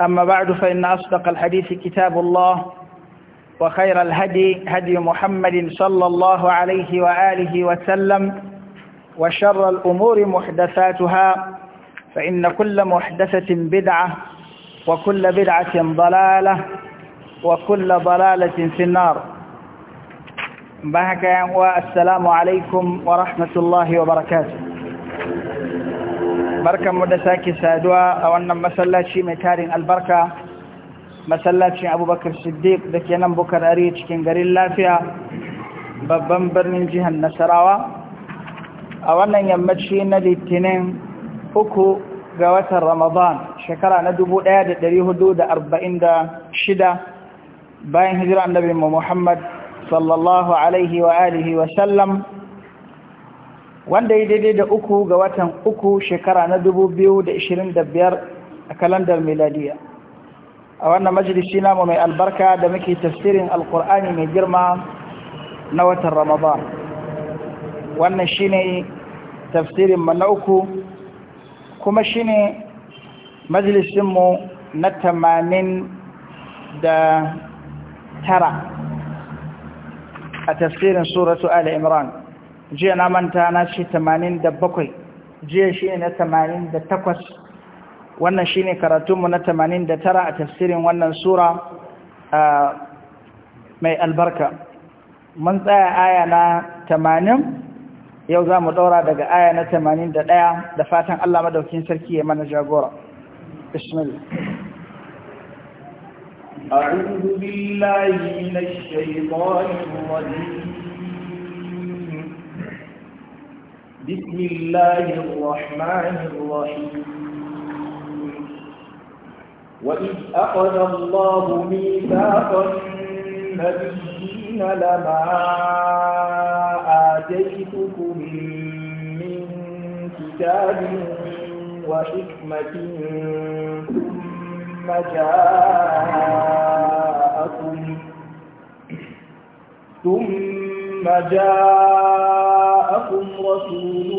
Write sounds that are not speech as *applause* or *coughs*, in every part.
أما بعد فإن أصدق الحديث كتاب الله وخير الهدي هدي محمد صلى الله عليه وآله وسلم وشر الأمور محدثاتها فإن كل محدثة بدعة وكل بدعة ضلالة وكل ضلالة في النار بهك والسلام عليكم ورحمة الله وبركاته mu da sake saduwa a wannan masallaci mai tarin albarka masallacin abubakar siddiq da ke nan bukarari cikin garin lafiya babban birnin jihar nasarawa a wannan yammaci na litinin uku ga watan ramadan shekara na shida, bayan hijira annabi muhammad sallallahu alaihi wa alihi wa sallam wanda ya daidai da uku ga watan uku shekara na da biyar a kalandar miladiya a wannan majalisi namu mai albarka da muke tafsirin alkur'ani mai girma na watan ramadan wannan shine tafsirin mu na uku kuma shine majalisinmu na tamanin da tara a tafsirin suratu ali imran jiya na manta na shi tamanin da bakwai jiya shi ne na tamanin da takwas wannan shi ne karatunmu na tamanin da tara a tafsirin wannan sura mai albarka mun tsaya aya na tamanin yau za mu ɗaura daga aya na tamanin da ɗaya da fatan allah madaukin sarki ya mana jagora أعوذ بالله من الشيطان الرجيم بسم الله الرحمن الرحيم وإذ أخذ الله ميثاق النبيين لما آتيتكم من كتاب وحكمة ثم جاءكم ثم ثم جاءكم رسول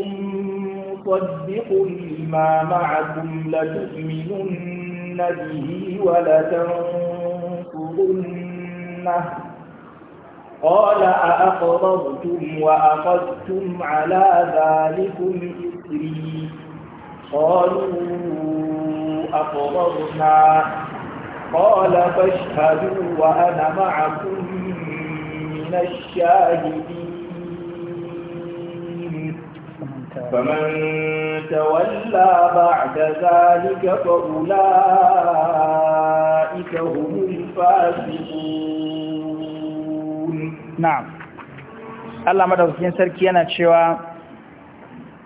مصدق لما معكم لتؤمنن به ولتنصرنه قال أأقررتم وأخذتم على ذلكم إسري قالوا أقررنا قال فاشهدوا وأنا معكم من الشاهدين فمن تولى بعد ذلك فأولئك هم الفاسقون نعم الله ينسر كينا تشوى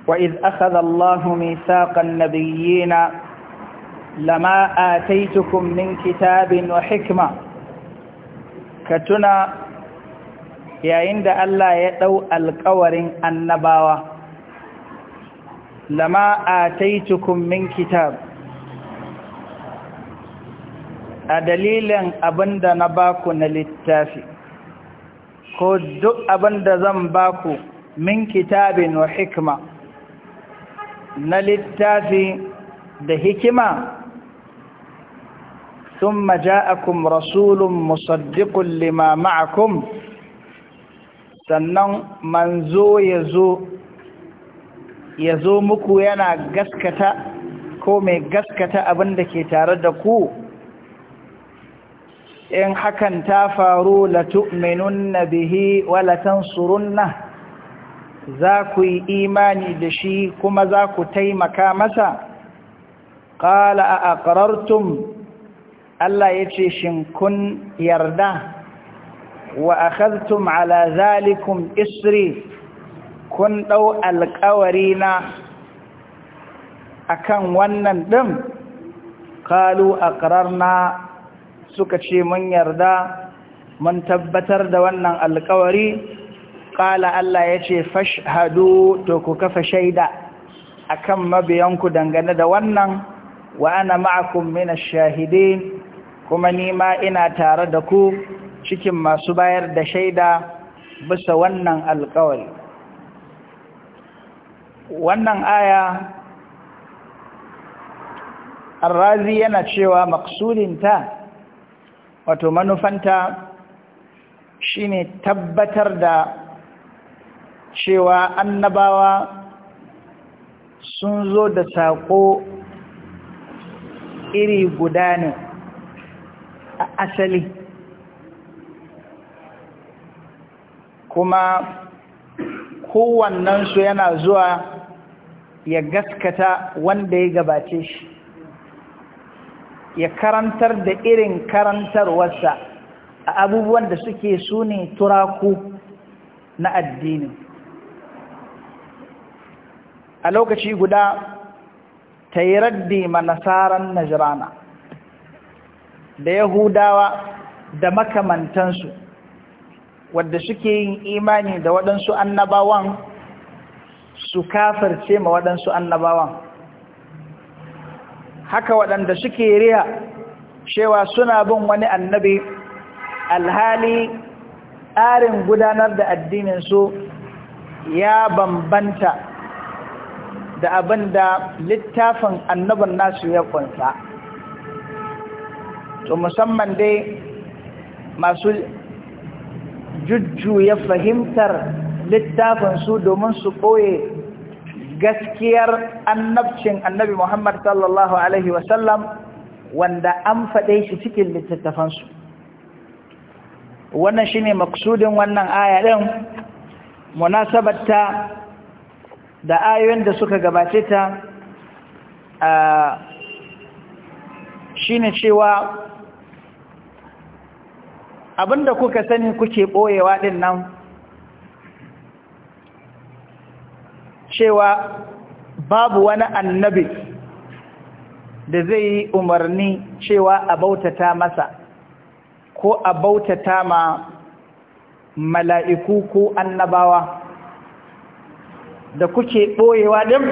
وإذ أخذ الله ميثاق النبيين لما آتيتكم من كتاب وحكمة كتنا yayin da Allah ya ɗau alƙawarin annabawa lama a taitukum min kitab a dalilin abinda na baku na littafi ko duk abinda zan baku min kitabin wa hikma na littafi da hikima ثم جاءكم رسول مصدق لما معكم sannan manzo ya zo ya zo muku yana gaskata ko mai gaskata abin da ke tare da ku in hakan ta faru latu'minunna nabihi wa latansurunna za ku yi imani da shi kuma za ku taimaka masa qala a aqrartum Allah yace shin kun yarda wa akhadhtum ala zalikum isri kun dau alƙawari na akan wannan din qalu aqrarna suka ce mun yarda mun tabbatar da wannan alkawari? qala Allah yace fashhadu to ku kafa shaida akan mabiyanku dangane da wannan wa ana ma'akum minash shahidin kuma nima ina tare da ku cikin masu bayar da shaida bisa wannan alkawari wannan aya arrazi yana cewa maksudinta wato manufanta shine tabbatar da cewa annabawa sun zo da saƙo iri guda ne a asali kuma kowannen su yana zuwa ya gaskata wanda ya gabace shi ya karantar da irin karantarwarsa a abubuwan da suke su ne turaku na addini a lokaci guda ta yi raddi ma nasaran najirana da yahudawa da makamantansu wadda suke yin imani da waɗansu annabawan su kafirce ma waɗansu annabawan haka waɗanda suke riya cewa suna bin wani annabi alhali tsarin gudanar da addininsu ya bambanta da abin da littafin annabin nasu ya kunsa to musamman dai masu jujjuya fahimtar littafinsu domin su ɓoye gaskiyar annabcin annabi Muhammad sallallahu Alaihi wasallam wanda an faɗe shi cikin littattafansu. Wannan shi ne maksudin wannan aya ɗin munasabarta da ayoyin da suka gabace ta shi ne cewa Abin da kuka sani kuke ɓoyewa ɗin nan cewa babu wani annabi da zai yi umarni cewa a bautata masa ko a bautata ma mala'iku ko annabawa da kuke ɓoyewa ɗin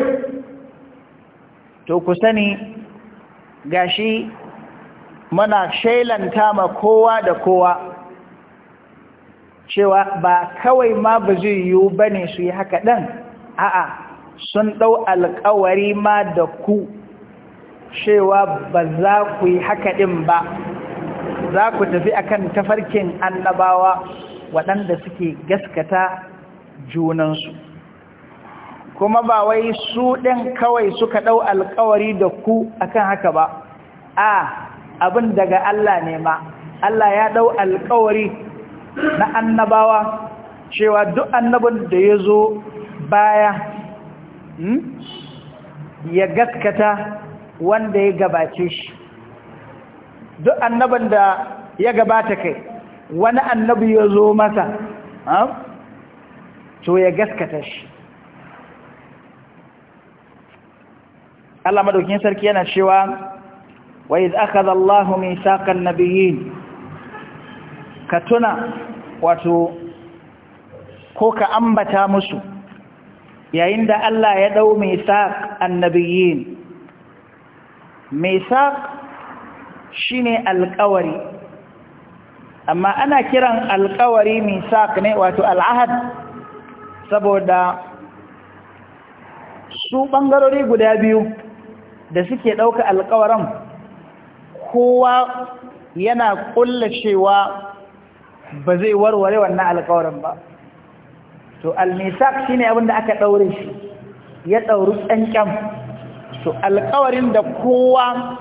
to ku sani gashi mana shailanta ma kowa da kowa cewa ba kawai ma ba zai yiwu ba ne su yi haka ɗan a'a sun ɗau alkawari ma da ku cewa ba za ku yi haka ɗin ba za ku tafi a kan tafarkin annabawa waɗanda suke gaskata junansu kuma ba wai su ɗin kawai suka ɗau alkawari da ku akan haka ba a abin daga Allah ne ma Allah ya ɗau alkawari na annabawa cewa duk annabin da ya zo baya hmm, ya gaskata wanda ya gabace shi duk annabin da ya gabata kai wani annabi ya zo masa to ya gaskata shi Allah madaukin sarki yana cewa wa iz akhadha Allahu mithaqan nabiyyin ka tuna wato ko ka ambata musu yayin da Allah ya ɗau misaq annabiyyin shi shine alƙawari amma ana kiran alƙawari misaq ne wato al'ahad saboda su ɓangarori guda biyu da suke ɗauka alƙawaran kowa yana ƙulla ba zai warware wannan alƙawarin ba to al-misaq shine abin da aka ɗaure shi ya ɗauri tsankan to alƙawarin da kowa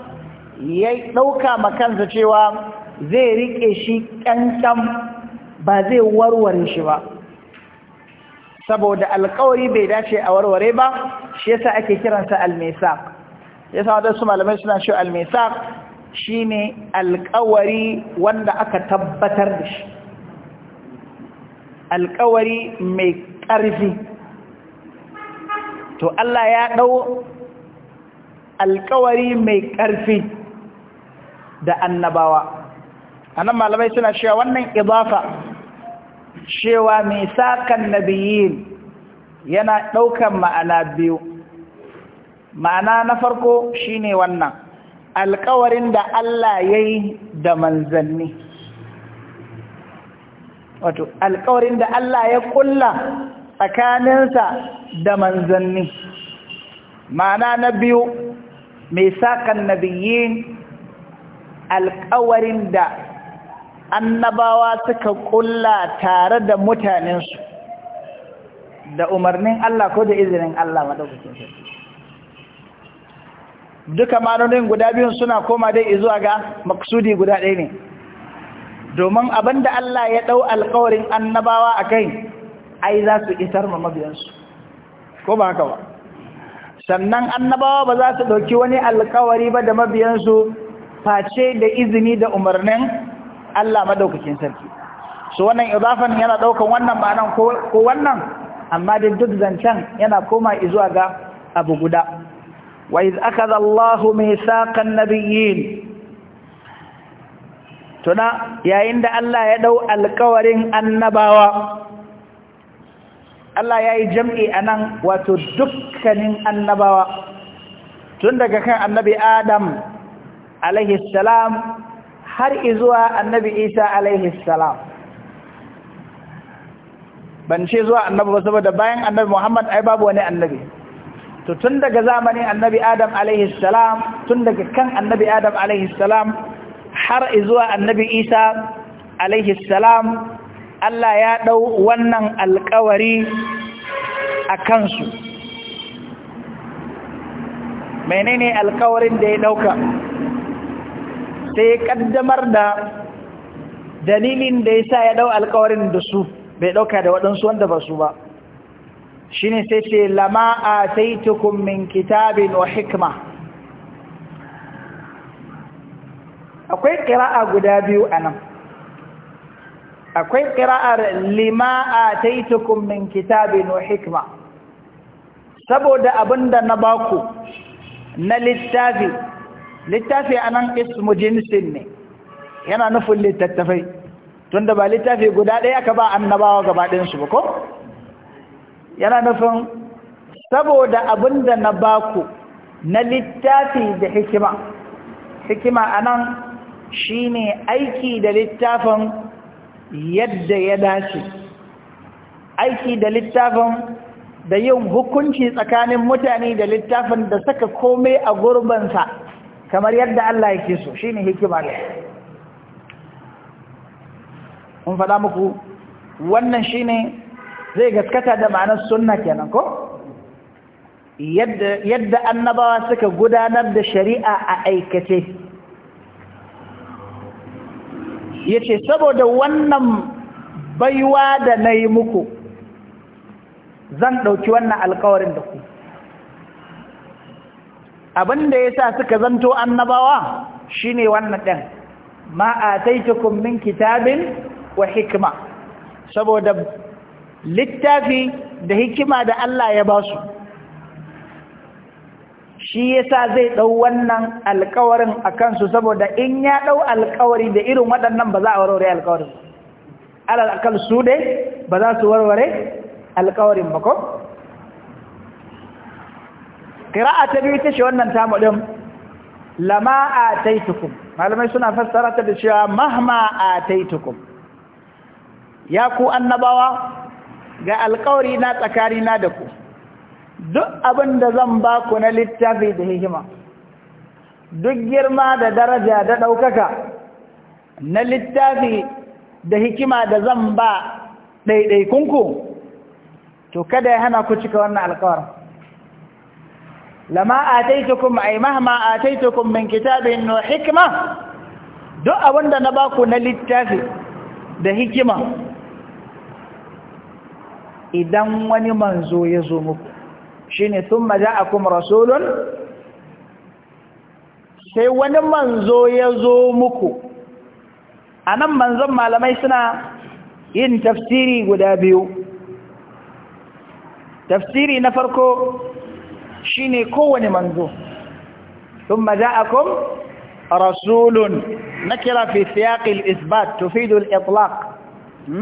ya dauka makansa cewa zai riƙe shi kankan ba zai warware shi ba saboda alƙawari bai dace a warware ba shi yasa ake kiransa al-misaq yasa wadansu malamai suna shi al-misaq shine alƙawari wanda aka tabbatar da shi alkawari mai ƙarfi to Allah ya ɗau alkawari mai ƙarfi da annabawa a nan malamai suna cewa wannan ibafa cewa mai sakan nabiyin yana ɗaukan ma'ana biyu ma'ana na farko shine wannan alkawarin da Allah ya yi da manzanni wato alkawarin da Allah ya ƙulla tsakaninsa da manzanni ma'ana na biyu mai sakan nabiyyin alƙawarin da annabawa suka ƙulla tare da mutanensu da umarnin Allah ko da izinin Allah maɗaukacin sarki duka manonin guda biyun suna koma dai zuwa ga maksudi guda ɗaya ne domin abinda Allah ya ɗau alkawarin annabawa a kai ai za su isar ma mabiyansu ko ba haka ba sannan annabawa ba za su ɗauki wani alkawari ba da mabiyansu face da izini da umarnin Allah madaukakin sarki su wannan izafan yana ɗaukan wannan ma'anan ko wannan amma da duk zancen yana koma izuwa ga abu guda wa iz akhadha Allahu saƙan nabiyyin tuna yayin da Allah ya dau alkawarin annabawa Allah ya yi jam'i a nan wato dukkanin annabawa tun daga kan annabi Adam salam har izuwa annabi Isa salam ban ce zuwa annabi ba saboda bayan annabi Muhammad ai babu wani annabi to tun daga zamanin annabi Adam salam tun daga kan annabi Adam salam har izuwa annabi isa alaihi salam Allah ya ɗau wannan alkawari a kansu menene alkawarin da ya ɗauka sai ya ƙaddamar da dalilin da ya sa ya ɗau alkawarin da su bai ɗauka da waɗansu wanda ba su ba shi ne sai ce lama a taitukun min kitabin wa hikma akwai ƙira'a guda biyu a nan akwai ƙira'ar lima'a yi min kitabin wa hikima saboda abinda na baku na littafi littafi a nan ismu jinsin ne yana nufin littattafai tunda ba littafi guda ɗaya aka ba annabawa gabaɗinsu ba ko yana nufin saboda abinda na baku na littafi da hikima hikima a nan ne aiki da littafin yadda ya dace aiki da littafin da yin hukunci tsakanin mutane da littafin da saka komai a gurbansa kamar yadda Allah yake so shine hikima ne mun faɗa muku wannan shine zai gaskata da ma'anar sunna kenan ko yadda annabawa suka gudanar da shari'a a aikace yace saboda wannan baiwa da na yi muku zan ɗauki wannan alkawarin da ku abin da ya sa suka zanto annabawa shine wannan ɗan ma a min kitabin wa hikima saboda littafi da hikima da Allah ya ba su shi yasa zai dau wannan alkawarin akan su saboda in ya dau alkawari da irin waɗannan ba za a warware alkawarin alal akal su dai ba za su warware alkawarin ba ko qira'a ta biyu ta shi wannan tamu din lama ataitukum malamai suna fassara ta da cewa mahma ataitukum ya ku annabawa ga alkawari na tsakanina da ku duk abin da zan ba ku na littafi da hikima duk girma da daraja da ɗaukaka na littafi da hikima da zan ba ɗaiɗaikunku to kada ya hana ku cika wannan alkawar lama a taitukun aimahama mahama a taitukun min kitabin no hikima duk abin da na ba ku na littafi da hikima idan wani manzo ya zo muku shine thumma ja'akum rasulun sai wani manzo ya zo muku anan manzon malamai suna yin tafsiri guda biyu tafsiri na farko shine kowane manzo thumma ja'akum رسول نكرة في سياق الإثبات تفيد Kawai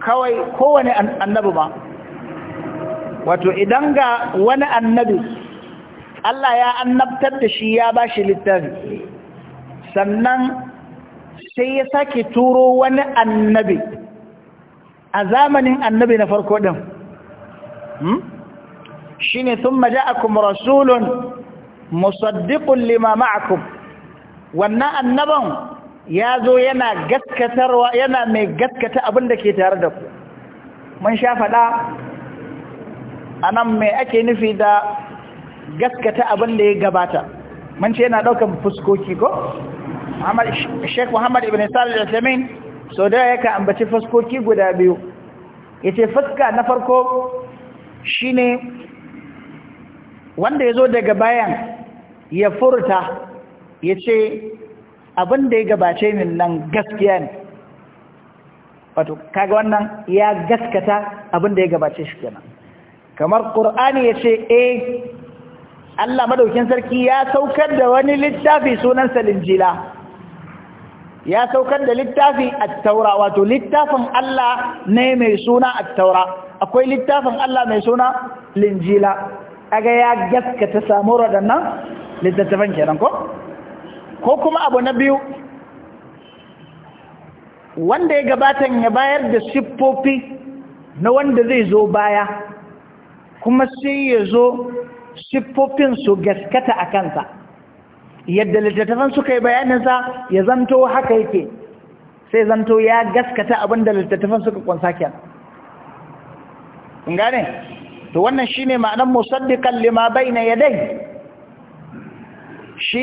كوي كوني ba. wato idan ga wani annabi Allah ya annabtar da shi ya ba shi littafi sannan sai ya sake turo wani annabi a zamanin annabi na farko ɗin hmm? shi ne sun akum rasulun musaddiƙun lima ma'akum wannan annaban ya zo yana gaskatarwa yana mai gaskata abin da ke tare da ku mun sha faɗa A nan mai ake nufi da gaskata abin da ya gabata mun ce yana daukan fuskoki ko Sheikh Muhammad ibn Salih al-Uthaymeen so da ka ambaci fuskoki guda biyu ya ce fuska na farko shine wanda ya zo daga bayan ya furta ce abin da ya gabace min nan gaskiya ne wato kaga wannan ya gaskata abin da ya gabace shi kenan kamar ƙur'ani ya ce e Allah madaukin sarki ya saukar da wani littafi sunansa linjila ya saukar da littafi a taura wato littafin Allah ne mai suna a taura akwai littafin Allah mai suna linjila ga ya gaskata samu radannan littattafan kenan ko ko kuma abu na biyu wanda ya gabatan ya bayar da siffofi na wanda zai zo baya kuma sai ya zo siffofin su gaskata a kansa yadda littattafan suka yi bayaninsa ya zanto haka yake sai zanto ya gaskata abin da littattafan suka kwansa kyan gane to wannan shine ma'anar musaddiqan lima na yadai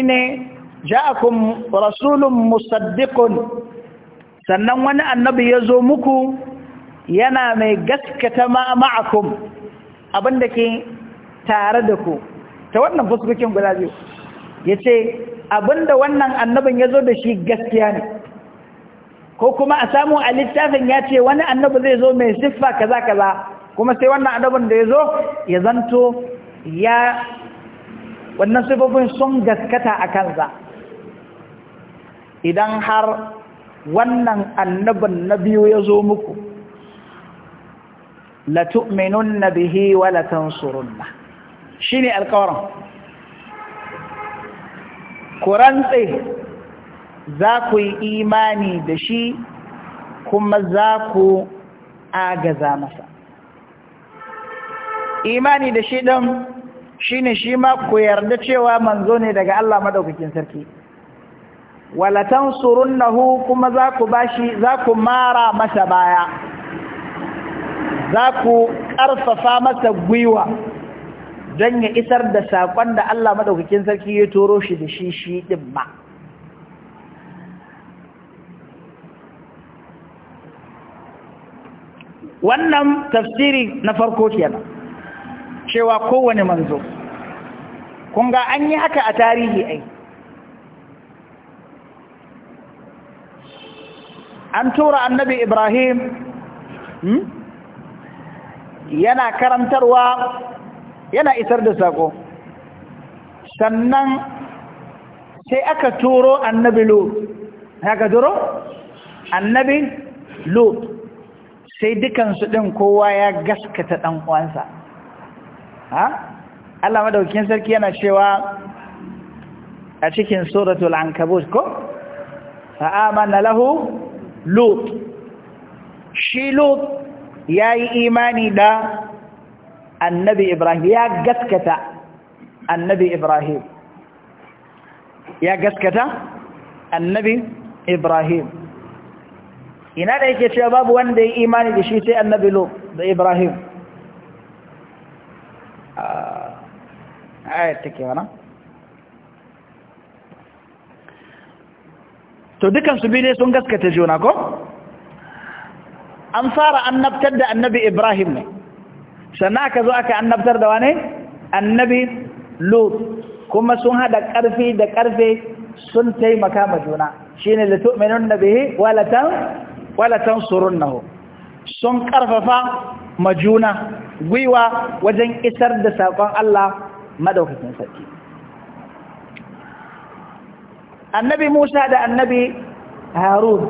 ne ja'akum rasulun musaddiqun sannan wani annabi ya zo muku yana mai gaskata ma'akum abin da ke tare da ku ta wannan fuskokin guda biyu ya ce abin da wannan annabin ya zo da shi gaskiya ne ko kuma a samu a littafin ya ce wani annabi zai zo mai siffa kaza kaza kuma sai wannan annabin da ya zo ya zanto ya wannan siffofin sun gaskata a kansa idan har wannan annabin na biyu ya zo muku latu'minunna bihi wa latansurunna shine alƙawarin ku rantse za ku yi imani da shi kuma za ku agaza masa imani da shi ɗin shine shi ma ku yarda cewa manzo ne daga Allah maɗaukakin sarki walatan surunnahu kuma za ku bashi za ku mara masa baya za ku ƙarfafa masa gwiwa don ya isar da saƙon da Allah maɗaukakin sarki ya toro shi da shi shi ɗin ma. Wannan tafsiri na farko kenan cewa kowane manzo, kun ga an yi haka a tarihi ai. An tura annabi Ibrahim, hmm? yana karantarwa yana isar da sako sannan sai aka turo annabi lut haka turo annabi lut sai dukansu ɗin kowa ya gaskata dan uwansa ha Allah madaukakin sarki yana cewa a cikin suratul ankabut ko fa amana lahu lut shi lut ya yi imani da annabi Ibrahim ya gaskata annabi Ibrahim ya gaskata annabi Ibrahim ina da yake cewa babu wanda ya imani da shi sai annabi lo da Ibrahim ah, ayat take wannan to dukan su bi dai sun gaskata juna ko an fara annabtar da annabi Ibrahim ne sannan aka zo aka annabtar da wane annabi Lut kuma sun hada karfi da karfe sun taimaka ma juna shine la tu'minunna bihi wala tan wala tansurunnahu sun karfafa ma juna gwiwa wajen isar da sakon Allah madaukakin sarki annabi Musa da annabi Harun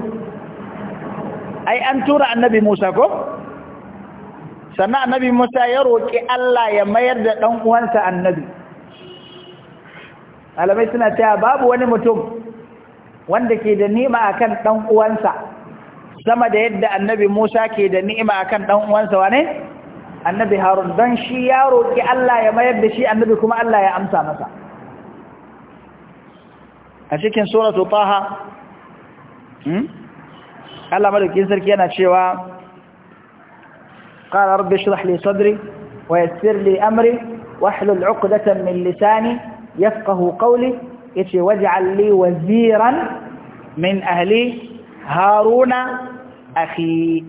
ai an tura annabi Musa ko sannan annabi Musa ya roƙi Allah ya mayar da ɗan uwansa annabi alamai suna cewa babu wani mutum wanda ke da ni'ima akan ɗan uwansa sama da yadda annabi Musa ke da ni'ima akan ɗan uwansa wane annabi Harun don shi ya roƙi Allah ya mayar da shi annabi kuma Allah ya amsa masa a cikin suratul Taha hmm? Allah madaukin sarki yana cewa qala rabbi shrah li sadri wa yassir li amri wahlul 'uqdatan min lisani yafqahu qawli yace waj'al li waziran min ahli haruna akhi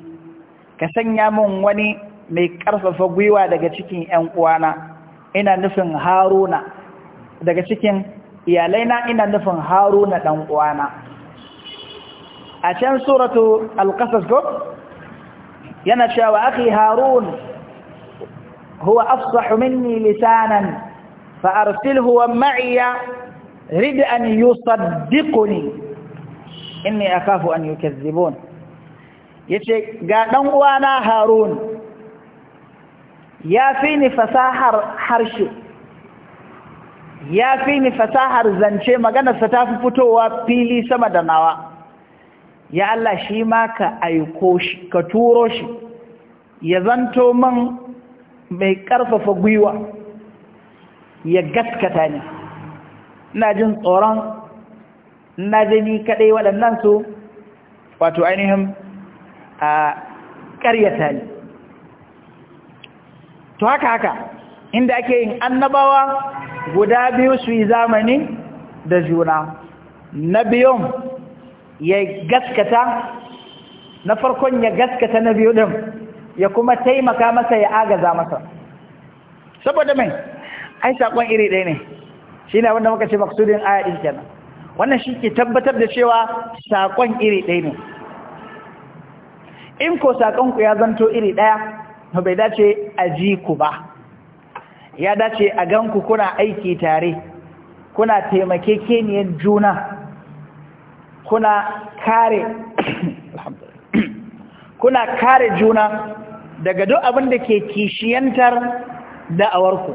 ka sanya mun wani mai karfafa gwiwa daga cikin ƴan uwana ina nufin haruna daga cikin iyalaina ina nufin haruna dan uwana عشان سورة القصص قلت ينشى وأخي هارون هو أفصح مني لسانا فأرسله ومعي رد أن يصدقني إني أخاف أن يكذبون يتشي قادم نعم وانا هارون يا فيني فساهر حرشي يا فيني فساهر زنشي مغانا ستافي فتوة بيلي سمدنا وانا ya Allah shi ma ka aiko shi ka turo shi ya zanto man mai karfafa gwiwa ya gaskata ne ina jin tsoron na jini kaɗai waɗannan su wato ainihin a ƙaryata ne to haka haka inda ake yin annabawa guda biyu su yi zamani da juna na biyun ya gaskata na farkon ya gaskata na biyu din ya kuma taimaka masa ya agaza masa saboda mai ai sakon iri ɗaya ne shi ne wanda muka ce maksudin aya ɗin kenan wannan shi ke tabbatar da cewa sakon iri ɗaya ne in ko sakonku ya zanto iri ɗaya to bai dace a ji ku ba ya dace a ganku kuna aiki tare kuna taimakekeniyar juna kuna kare *coughs* kuna kare juna daga duk abin da ke kishiyantar da'awarku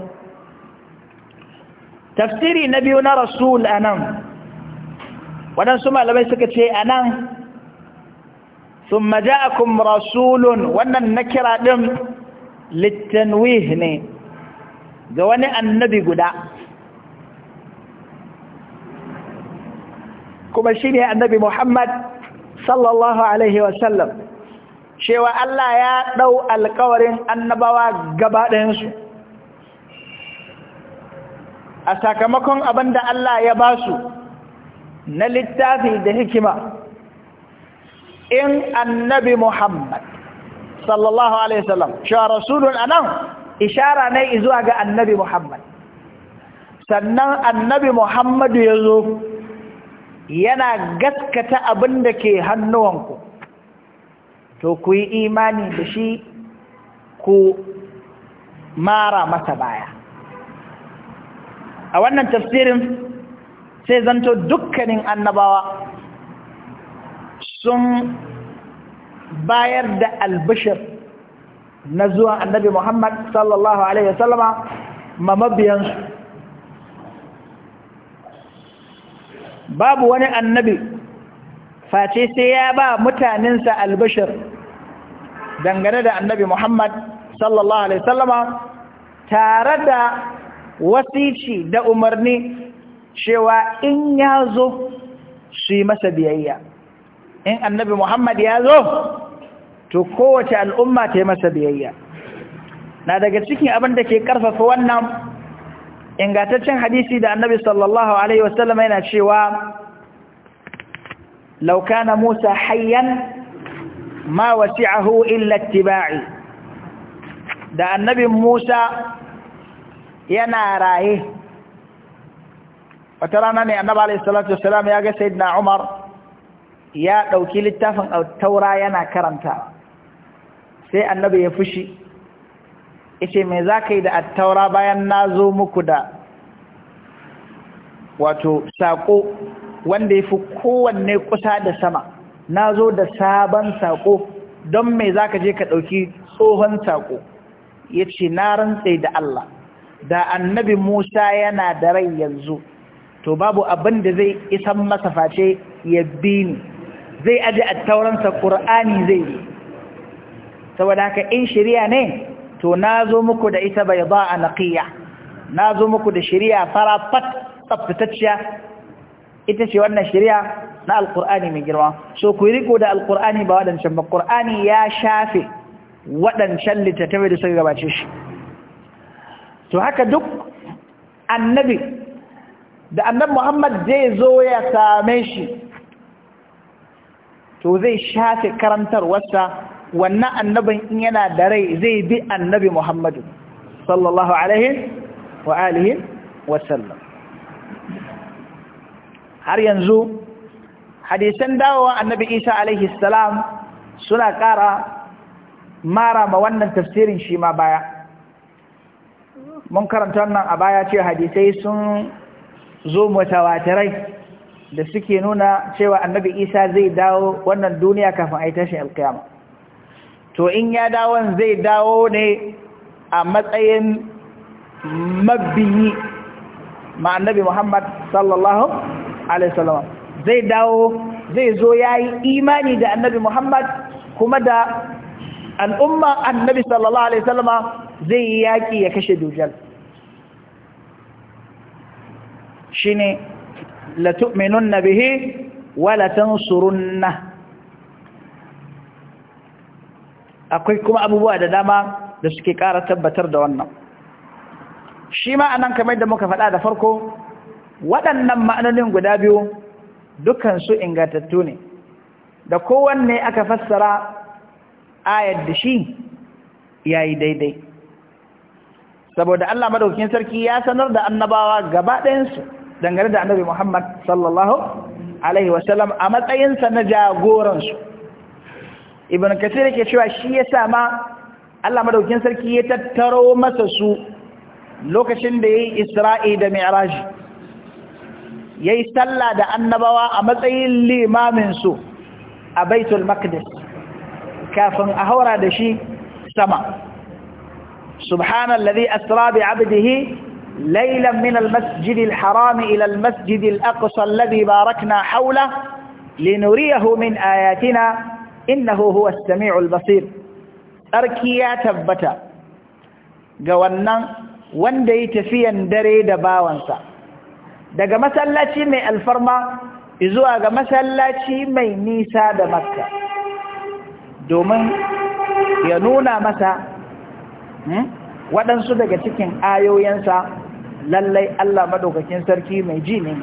tafsiri na biyu na rasul anan waɗansu malamai suka ce anan ثم جاءكم رسول wannan nakira din litanwih ne ga wani annabi guda kuma shi ne annabi Muhammad sallallahu alaihi wasallam cewa Allah ya ɗau alkawarin annabawa gaba ɗayansu a sakamakon abin da Allah ya ba su na littafi da hikima in annabi Muhammad sallallahu alaihi wasallam cewa rasulun anan ishara ne zuwa ga annabi Muhammad sannan annabi Muhammadu ya zo yana gaskata abin da ke hannuwanku to ku yi imani da shi ku mara masa baya a wannan tafsirin sai zanto dukkanin annabawa sun bayar da albishir na zuwan annabi Muhammad sallallahu Alaihi wasallama ma mabiyansu babu wani annabi face sai ya ba mutanensa albashir dangane da annabi Muhammad sallallahu alaihi sallama tare da wasici da umarni cewa in ya zo su yi masa biyayya in annabi Muhammad ya zo to kowace al'umma ta yi masa biyayya na daga cikin abin da ke karfafa wannan ingantaccen hadisi da annabi sallallahu alaihi wasallam yana cewa law kana musa hayyan ma wasi'ahu illa ittiba'i da annabi musa yana raye wata rana ne annabi alaihi salatu wasallam ya ga sayyidina umar ya dauki littafin taura yana karanta sai annabi ya fushi yace me ka yi da attaura bayan na zo muku da wato sako wanda ya fi kowanne kusa da sama Na zo da sabon sako don me ka je ka ɗauki tsohon sako ce na rantse da Allah da annabi Musa yana da rai yanzu to babu abin da zai isan masa face ya bi ni zai aje attauransa ƙur'ani zai yi saboda haka in shari'a ne to na zo muku da ita bai ba a naƙiya na zo muku da shirya fara fat tsaftatacciya ita ce wannan shirya na alƙur'ani mai girma so ku riko da alƙur'ani ba waɗancan ba ƙur'ani ya shafe waɗancan littattafai da suka gabace shi to haka duk annabi da annabi muhammad zai zo ya same shi to zai shafe karantarwarsa wannan annabin in yana da rai zai bi annabi Muhammadu sallallahu alaihi wa alihi wa sallam har yanzu hadisan dawowa annabi Isa alaihi salam suna ƙara mara ma wannan tafsirin shi ma baya mun karanta wannan a baya ce hadisai sun zo mutawatirai da suke nuna cewa annabi Isa zai dawo wannan duniya kafin a yi tashin alkiyama to in ya dawon zai dawo ne a matsayin mabiyi ma annabi Muhammad sallallahu alaihi wasallam zai dawo zai zo yayi imani da annabi Muhammad kuma da al'umma annabi sallallahu alaihi wasallama zai yaki ya kashe dujal shine la tu'minunna bihi wa la tansurunna akwai kuma abubuwa da dama da suke ƙara tabbatar da wannan shi ma anan kamar da muka faɗa da farko waɗannan ma'anonin guda biyu dukansu ingantattu ne da kowanne aka fassara ayar da shi ya yi daidai saboda Allah madaukakin sarki ya sanar da annabawa gaba ɗayansu dangane da annabi Muhammad sallallahu alaihi wasallam a matsayinsa na jagoransu ibn kasir yake cewa shi yasa ma Allah madaukin sarki ya tattaro masa su lokacin da yayi Isra'i da Mi'raj yayi sallah da annabawa a matsayin limamin su a Baitul Maqdis kafin a haura da shi sama subhanallazi asra bi 'abdihi ليلا من المسجد الحرام إلى المسجد الأقصى الذي باركنا حوله لنريه من آياتنا innahu huwa as-sami'ul basir tsarki ya tabbata ga wannan wanda yi tafiyan dare da bawansa daga masallaci mai alfarma zuwa ga masallaci mai nisa da makka domin ya nuna masa hmm, waɗansu daga cikin ayoyinsa lallai Allah madaukakin sarki mai ji ne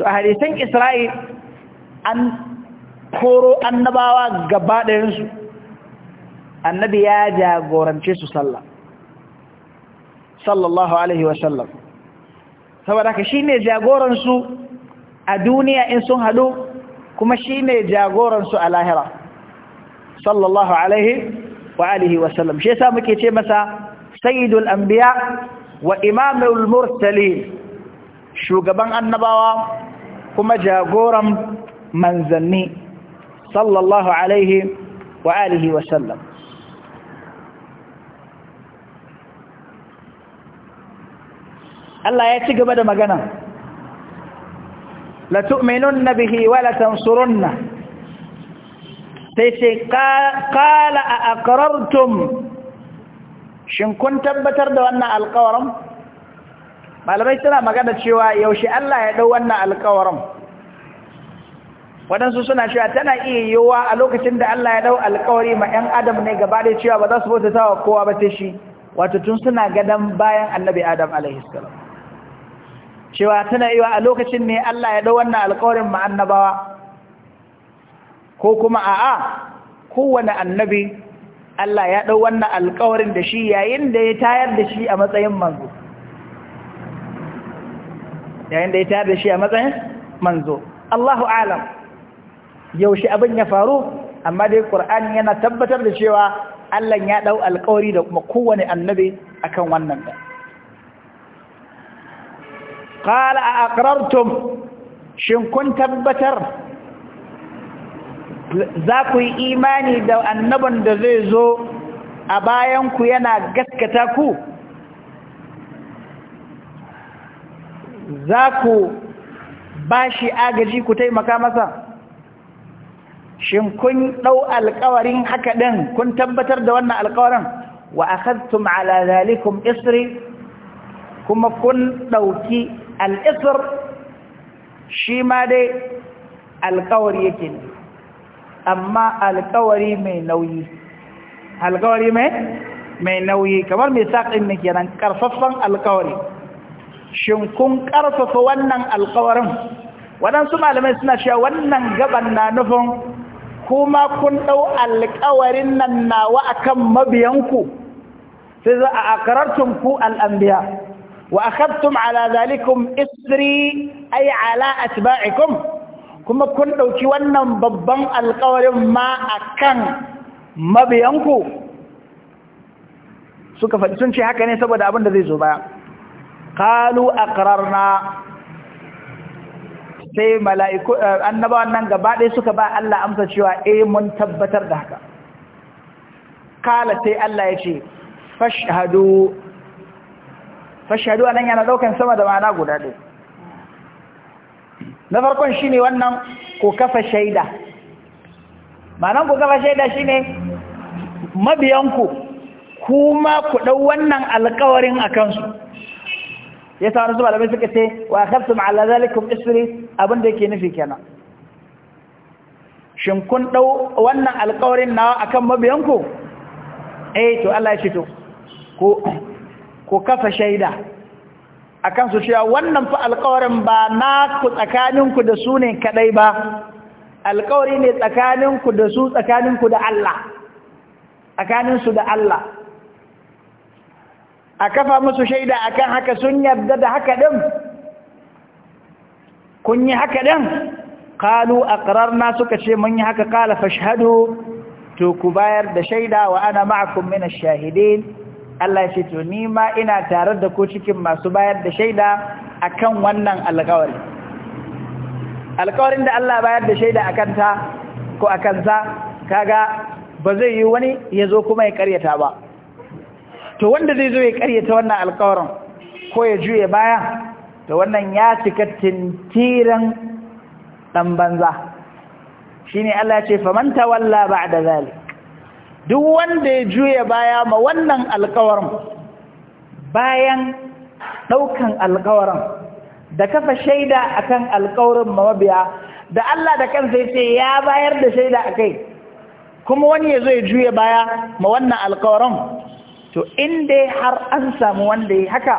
to a hadisin Isra'il an koro annabawa gaba su annabi ya jagorance su sallah sallallahu alaihi wasallam saboda ka shi ne jagoransu a duniya in sun haɗu kuma shi ne jagoransu a lahira sallallahu alaihi wa alihi wasallam shi yasa muke ce masa sayyidul anbiya wa imamul mursalin shugaban annabawa kuma jagoran manzanni صلى الله عليه وآله وسلم Allah ya ci gaba da magana la tu'minunna bihi wa la tansurunna sai ce a aqrartum shin kun tabbatar da wannan alƙawarin malamai suna magana cewa yaushe Allah ya dau wannan alƙawarin waɗansu suna cewa tana iya yiwuwa a lokacin da Allah ya ɗau alkawari ma ‘yan adam ne gaba da cewa ba za su bauta ta wa kowa ba ta shi wato tun suna gadon bayan annabi adam alaihissalam cewa tana iya a lokacin ne Allah ya ɗau wannan alkawarin ma annabawa ko kuma a'a kowane annabi Allah ya ɗau wannan alkawarin da shi yayin da ya tayar da shi a matsayin manzo yayin da ya tayar da shi a matsayin manzo Allahu alam yaushe abin ya faru amma dai ƙur'ani yana tabbatar da cewa Allah ya ɗau alƙawari da kuma kowane annabi akan wannan da qala aqrartum shin kun tabbatar za ku yi imani da annabin da zai zo a bayan ku yana gaskata ku za ku ba agaji ku taimaka masa shin kun ɗau alkawarin haka ɗin kun tabbatar da wannan alkawarin wa akhadtum ala zalikum isri kuma kun ɗauki al'isr shi ma dai alkawari yake ne amma alkawari mai nauyi alkawari mai nauyi kamar mai saƙin ne kenan ƙarfafan alkawari shin kun ƙarfafa wannan alkawarin waɗansu malamai suna cewa wannan gaban na nufin kuma kun ɗau alƙawarin nan nawa kan mabiyanku sai za a akarartum ku al'ambiya wa akhadtum ala zalikum isri ay ala atba'ikum kuma kun ɗauki wannan babban alƙawarin ma kan mabiyanku suka faɗi sun ce haka ne saboda abin da zai zo baya qalu aqrarna sai mala'iku eh, annabawan nan gaba ɗaya suka ba Allah amsa cewa eh mun tabbatar da haka kala sai Allah ya ce fashhadu fashhadu anan yana daukan sama da ma'ana guda ɗaya na farkon shine wannan ko kafa shaida ma'anan ku kafa shaida shine mabiyanku kuma ku dau wannan alƙawarin akan su ya sa wani su malamai suka ce wa akhaftum ala zalikum isri abin da yake nufi kenan shin kun ɗau wannan alƙawarin nawa akan mabiyanku eh to Allah ya ce to ku kafa shaida akan su cewa wannan fa alƙawarin ba na ku tsakaninku da su ne kadai ba alƙawari ne tsakaninku da su tsakaninku da Allah tsakaninsu da Allah a kafa musu shaida akan haka sun yarda da haka ɗin kun yi haka din qalu na suka ce mun yi haka qala fashhadu to ku bayar da shaida wa ana ma'akun mina shahidin Allah ya ce to ni ma ina tare da ku cikin masu bayar da shaida a kan wannan alkawari alkawarin da Allah bayar da shaida a ta ko akan sa kaga ba zai yi wani ya zo kuma ya karyata ba to wanda zai zo ya karya ta wannan alkawarin ko ya juye baya to wannan ya cika tintiran dan banza shine Allah ya ce faman tawalla ba'da zalik duk wanda ya juye baya ma wannan alkawarin bayan daukan alkawarin da kafa shaida akan ma mabiya da Allah da kansa yace ya bayar da shaida akai kuma wani ya zo ya juye baya ma wannan alkawarin to in dai har an samu wanda ya haka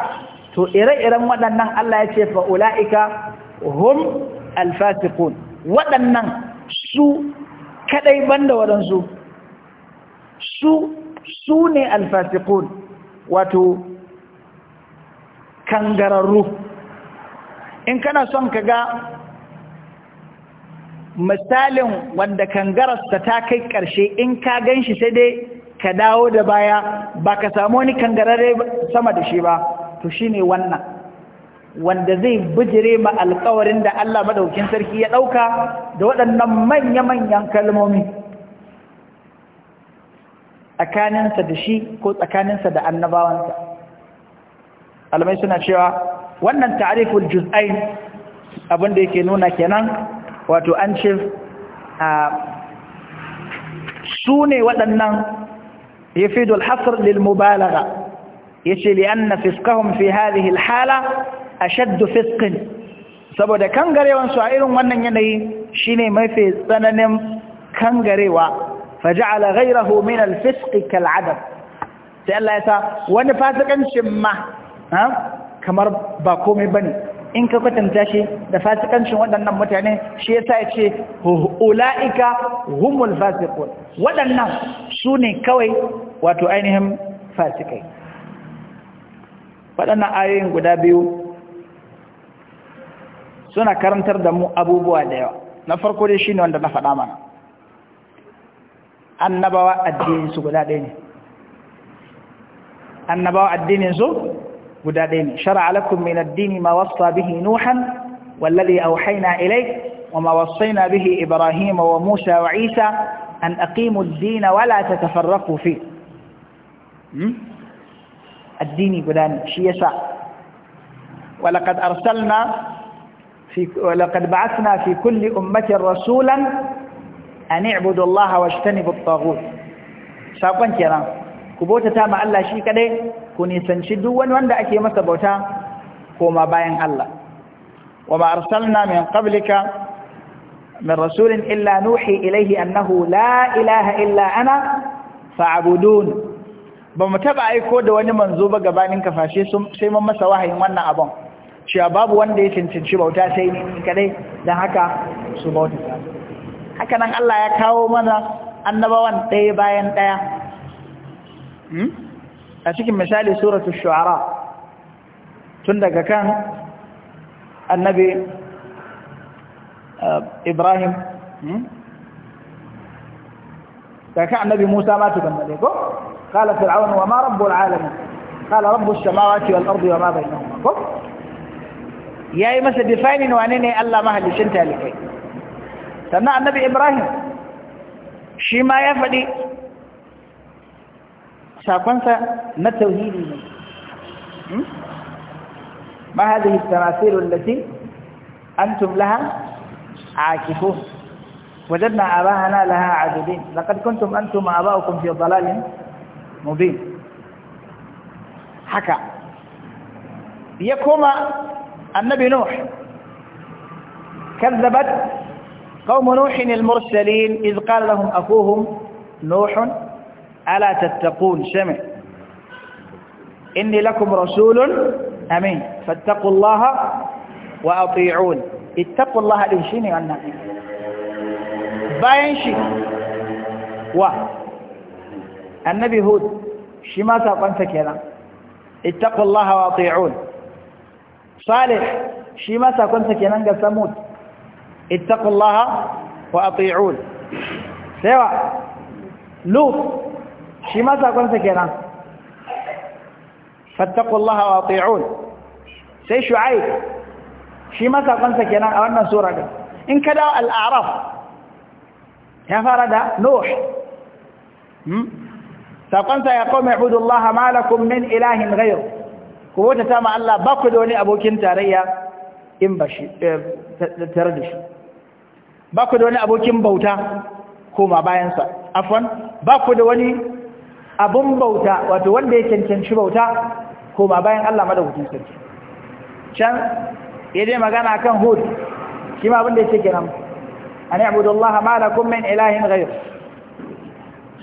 to ire-iren waɗannan Allah ya ce fa'ula'ika hum alfasikun waɗannan su kaɗai banda waɗansu su su ne alfasikun wato kangararru in kana son ka ga misalin wanda kangararsa ta kai ƙarshe in ka gan shi sai dai ka dawo da baya ba ka samu wani kangarare sama da shi ba to shine wannan wanda zai bijire ma alkawarin da Allah madaukin sarki ya ɗauka da waɗannan manya-manyan kalmomi tsakaninsa da shi ko tsakaninsa da annabawansa almai suna cewa wannan ta'riful juz'ain da yake nuna kenan wato an ce su ne waɗannan يفيد الحصر للمبالغة يشي لأن فسقهم في هذه الحالة أشد فسق سبب ده كان غريوا سؤالهم وانا يني شيني ما في سننم كان غريوا فجعل غيره من الفسق كالعدم سأل الله يسا وانا فاسقن شمه ها كمر باكومي بني in ka kwatanta shi da fasikancin waɗannan mutane shi ya sa ya ce ula'ika humul fasikun waɗannan su ne kawai wato ainihin fasikai waɗannan ayoyin guda biyu suna karantar da mu abubuwa da yawa na farko dai shi ne wanda na faɗa mana annabawa addinin su guda ɗaya ne annabawa addinin su guda شرع لكم من الدين ما وصى به نوحا والذي أوحينا إليك وما وصينا به إبراهيم وموسى وعيسى أن أقيموا الدين ولا تتفرقوا فيه الدين شي شيسا ولقد أرسلنا في ولقد بعثنا في كل أمة رسولا أن اعبدوا الله واجتنبوا الطاغوت سأقول كلام ku bautata ma Allah shi kadai ku nisanci duk wani wanda ake masa bauta koma bayan Allah wa ma arsalna min qablika min rasulin illa nuhi ilayhi annahu la ilaha illa ana fa'budun ba mu taba aiko da wani manzo ba gabanin ka fashe sai mun masa wahayin wannan abun cewa babu wanda ya cancanci bauta sai ni kadai dan haka su bauta haka nan Allah ya kawo mana annabawan ɗaya bayan ɗaya أتكي مثال سورة الشعراء تندك كان النبي آه، إبراهيم كان النبي موسى ما تكمله قال فرعون وما رب العالمين قال رب السماوات والأرض وما بينهما يا مسجد فاين نوانيني ألا ما هل شنتها لكي سمع النبي إبراهيم شيما يفدي شاكوانسا ما التوهيد ما هذه التماثيل التي أنتم لها عاكفون وجدنا آباءنا لها عاددين لقد كنتم أنتم واباؤكم في ضلال مبين حكى يكوم النبي نوح كذبت قوم نوح المرسلين إذ قال لهم أخوهم نوح ala tattaqun shame inni lakum rasulun amin fattaqullaha wa ati'un ittaqullaha din shine wannan bayan shi wa annabi hud shi ma sakonsa kenan ittaqullaha wa ati'un salih shi ma sakonsa kenan ga samud ittaqullaha wa ati'un sai wa lut shi ma sakonsa kenan fattakullaha wa ati'un sai shu'aib shi ma sakonsa kenan a wannan sura din in ka dawo al'araf ya fara da nuh hmm? sakonsa ya kome hudullaha malakum min ilahin ghayr ku wata ta Allah ba ku da wani abokin tarayya in ba shi eh, tare da shi ba ku da wani abokin bauta koma bayansa afwan ba ku da wani abun bauta wato wanda ya cancanci bauta ko ba bayan Allah madaukakin sarki can ya dai magana kan hud shi ma abin da yake kiran an ya'budu Allah ma lakum min ilahin ghayr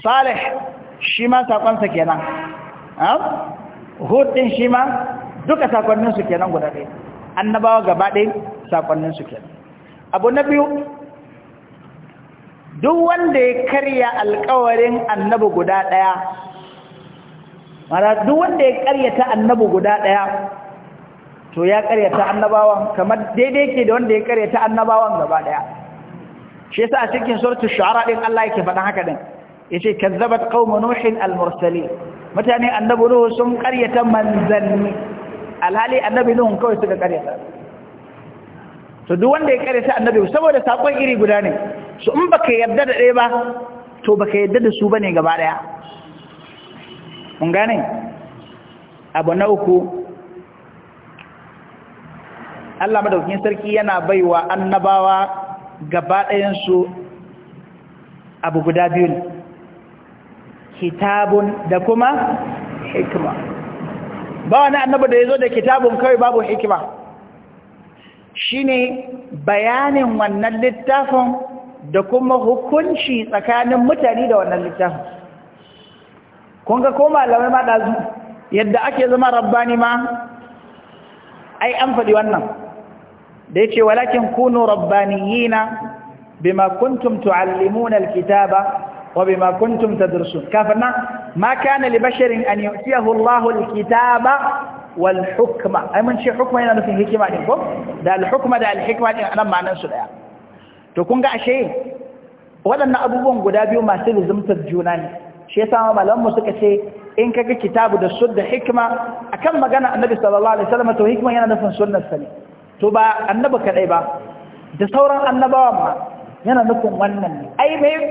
salih shi ma sakon sa kenan hud din shi ma duka sakonnin su kenan guda ɗaya annabawa gaba ɗaya sakonnin su kenan abu na biyu duk wanda ya karya alkawarin annabi guda ɗaya mara duk wanda ya karyata annabi guda ɗaya to ya karyata annabawan kamar daidai ke da wanda ya karyata annabawan gaba ɗaya shi yasa a cikin suratul shu'ara din Allah yake faɗa haka din yace kazzabat qaumun nuhin al-mursalin mutane annabi nuhu sun karyata manzanni alhali annabi nuhu kawai suka karyata to duk wanda ya kare sai annabi saboda sakon iri guda ne so in baka yarda da ɗaya ba to baka yarda da su bane gaba daya mun gane abu na uku Allah madaukakin sarki yana baiwa annabawa gaba ɗayan su abu guda biyu kitabun da kuma hikima ba wani annaba da ya zo da kitabun kawai babu hikima shine bayanin wannan littafin da kuma hukunci tsakanin mutane da wannan littafin kun ga ko malamai ma da dazu yadda ake zama rabbani ma ai an faɗi wannan da yace walakin kunu rabbaniyina bima kuntum tuallimuna alkitaba wa bima kuntum tadrusun kafanna ma kana libasharin an yu'tiyahu Allahu alkitaba wal hukma ai mun ce hukma yana nufin hikima din ko da al hukma da al din anan ma'anar daya to kun ga ashe waɗannan abubuwan guda biyu masu luzumtar juna ne shi yasa malamanmu suka ce in kaga kitabu da sunna hikma akan magana annabi sallallahu alaihi to hikma yana nufin sunnar sa to ba annabi kadai ba da sauran annabawan ma yana nufin wannan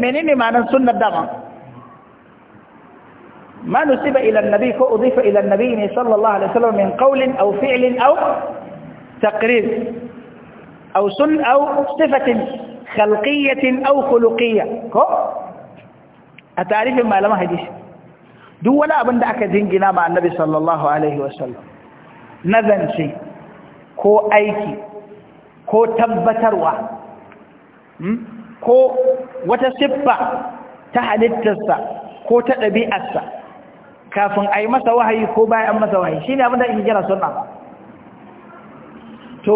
menene ma'anar sunnar dama ما نسب إلى النبي فأضيف إلى النبي صلى الله عليه وسلم من قول أو فعل أو تقرير أو سن أو صفة خلقية أو خلقية كو أتعرف ما لما هديش دو ولا أبن دعك دينجنا مع النبي صلى الله عليه وسلم نذنشي كو أيكي كو تبتروا كو wata siffa ta كو ko ta kafin a yi masa wahayi ko bayan masa wahayi shi ne abinda ake jira sunna to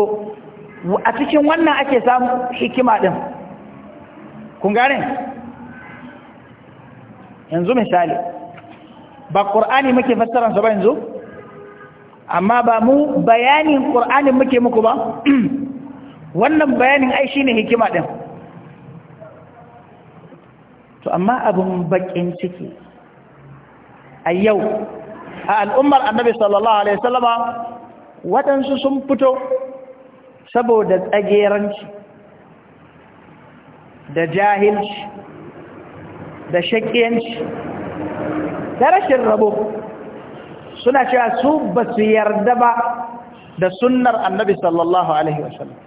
a cikin wannan ake samun hikima ɗin kun gane yanzu misali ba ƙur'ani muke fassaransa ba yanzu amma ba mu bayanin ƙur'anin muke muku ba *clears throat* wannan bayanin ai shi ne hikima ɗin to amma abin baƙin ciki a yau a al'ummar annabi sallallahu alaihi salama waɗansu sun fito saboda tsageranci da jahilci da shakiyanci da rashin rabo suna cewa su ba su yarda ba da sunnar annabi sallallahu alaihi wasallam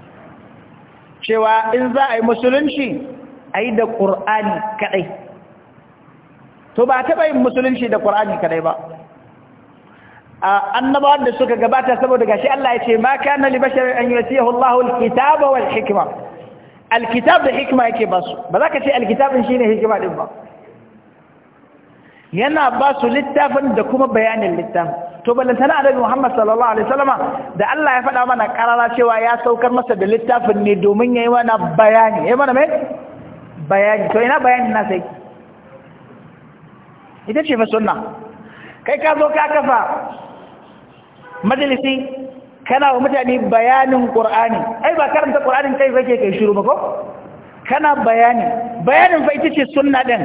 cewa in za a yi musulunci a yi da ƙur'ani kaɗai to ba taɓa yin musulunci da ƙur'ani kadai ba annabawan da suka gabata saboda gashi Allah ya ce ma kana li bashar an yusiyahu Allahu al-kitaba wal hikma al-kitab da hikma yake ba su ba za ka ce al-kitabin shine hikima din ba yana ba su littafin da kuma bayanin littafin to ballantana annabi Muhammad sallallahu alaihi wasallama da Allah ya faɗa mana karara cewa ya saukar masa da littafin ne domin yayi mana bayani yayi mana me bayani to ina bayanin na sai ita ce masunna kai ka zo ka kafa majalisi kana wa mutane bayanin qur'ani ai ba karanta qur'anin kai ke kai shiru ba ko kana bayani bayanin fa ita ce sunna ɗin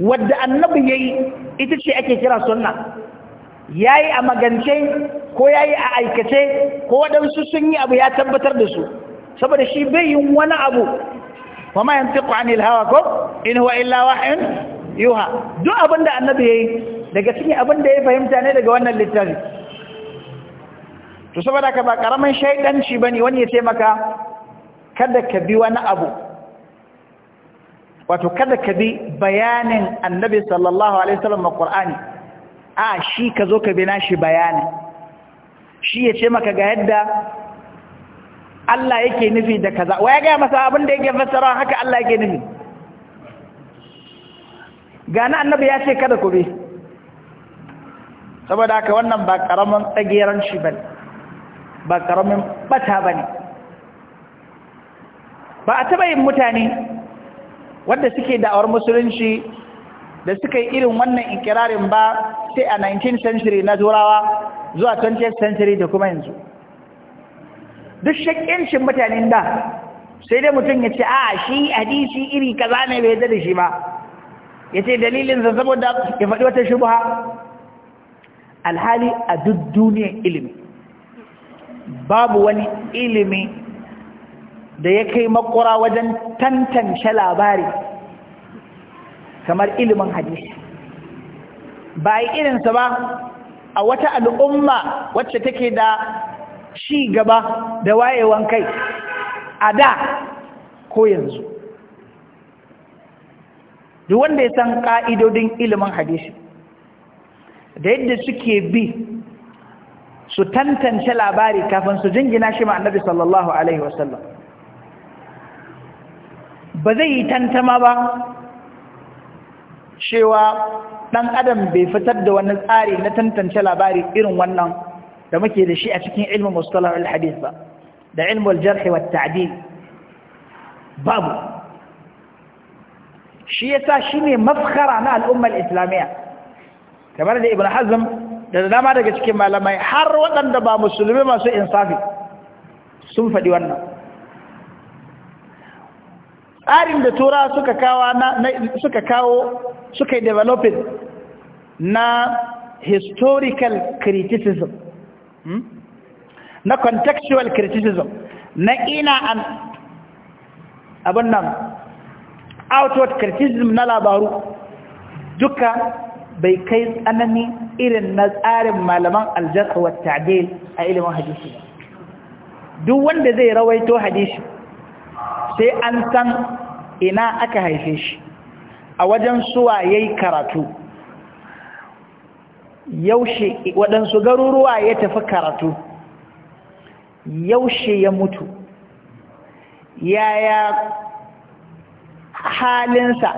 wadda annabi yi ita ce ake kira sunna yi a magance ko ya yi a aikace ko wadansu sun yi abu ya tabbatar da su saboda shi bai yin wani abu wa ma yanzu anil hawa ko in huwa illa wahyun yuha duk abin da annabi ya yi daga cikin abin da ya fahimta ne daga wannan littafi to saboda ka ba karamin shaidanci ba ne wani ya ce maka kada ka bi wani abu wato kada ka bi bayanin annabi sallallahu alaihi sallam a qur'ani a shi ka zo ka bi shi bayanin shi ya ce maka ga yadda Allah yake nufi da kaza wa ya gaya masa abin da yake fassara haka Allah yake nufi gani annabi ya ce kada ku bi saboda haka wannan ba karamin tsageranci bane ba karamin bata bane ba a taba yin mutane wanda suke da'awar musulunci da suka yi irin wannan ikirarin ba sai a 19th century na turawa zuwa 20th century da kuma yanzu duk shakkincin mutanen da sai dai mutum ya ce a shi hadisi iri kaza ne bai yadda da shi ba ya ce dalilinsa saboda ya faɗi wata shubha alhali a duk duniyar ilimi babu wani ilimi da ya kai makura wajen tantance labari kamar ilimin hadisi ba yi irinsa ba a wata al'umma wacce take da ci gaba da wayewan kai a da ko yanzu duk wanda ya san ƙa'idodin ilimin hadisi da yadda suke bi su tantance labari kafin su jingina shi ma annabi sallallahu alaihi wasallam ba zai yi tantama ba cewa ɗan adam bai fitar da wani tsari na tantance labari irin wannan da muke da shi a cikin ilmin mustalar al-hadith ba da ilmin jarhi wa ta'dil babu shi yasa ne mafkara na al'ummar islamiyya kamar da ibn hazm da dama daga cikin malamai har waɗanda ba musulmi masu insafi sun faɗi wannan tsarin da tura suka kawo suka kawo suka developing na historical criticism hmm? na contextual criticism na ina an abin nan outward criticism na labaru duka bai kai tsanani irin na tsarin malaman aljarha wa ta'adil a ilimin hadisi duk wanda zai rawaito hadisi sai an san ina aka haife shi a wajen suwa ya yi karatu yaushe waɗansu garuruwa ya tafi karatu yaushe ya mutu yaya halinsa